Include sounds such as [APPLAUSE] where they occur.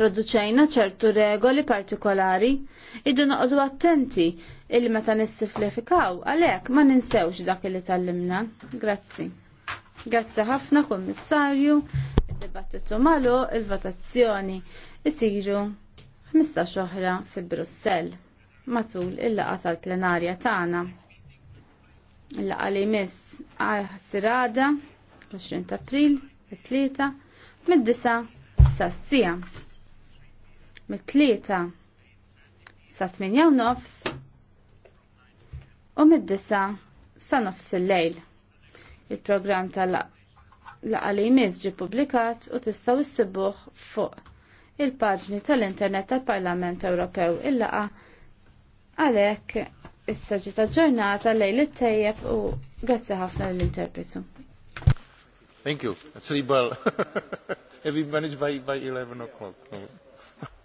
introduċejna ċertu regoli partikolari, iddu noqdu attenti illi meta nissiflifikaw għalhekk ma ninsewx dak li tallimna. Grazzi. Grazzi ħafna kummissarju, id-dibattitu malu, il-votazzjoni isiru 15 oħra fi Brussell matul il-laqa tal-plenarja tagħna. Il-laqa li jmiss għal 20 April, it-tlieta, mid-disa sassija mit-tlieta sa 8 nofs u mid-disa sa nofs il-lejl. Il-programm tal-laqa li jmiss ġi publikat u tistaw s-sibuħ fuq il-paġni tal-internet tal-Parlament Ewropew il-laqa għalhekk is ġita ġurnata lejl it-tejjeb u grazzi ħafna l-interpretu. Thank you. It's really well. [LAUGHS] Have managed by, by 11 o'clock? [LAUGHS]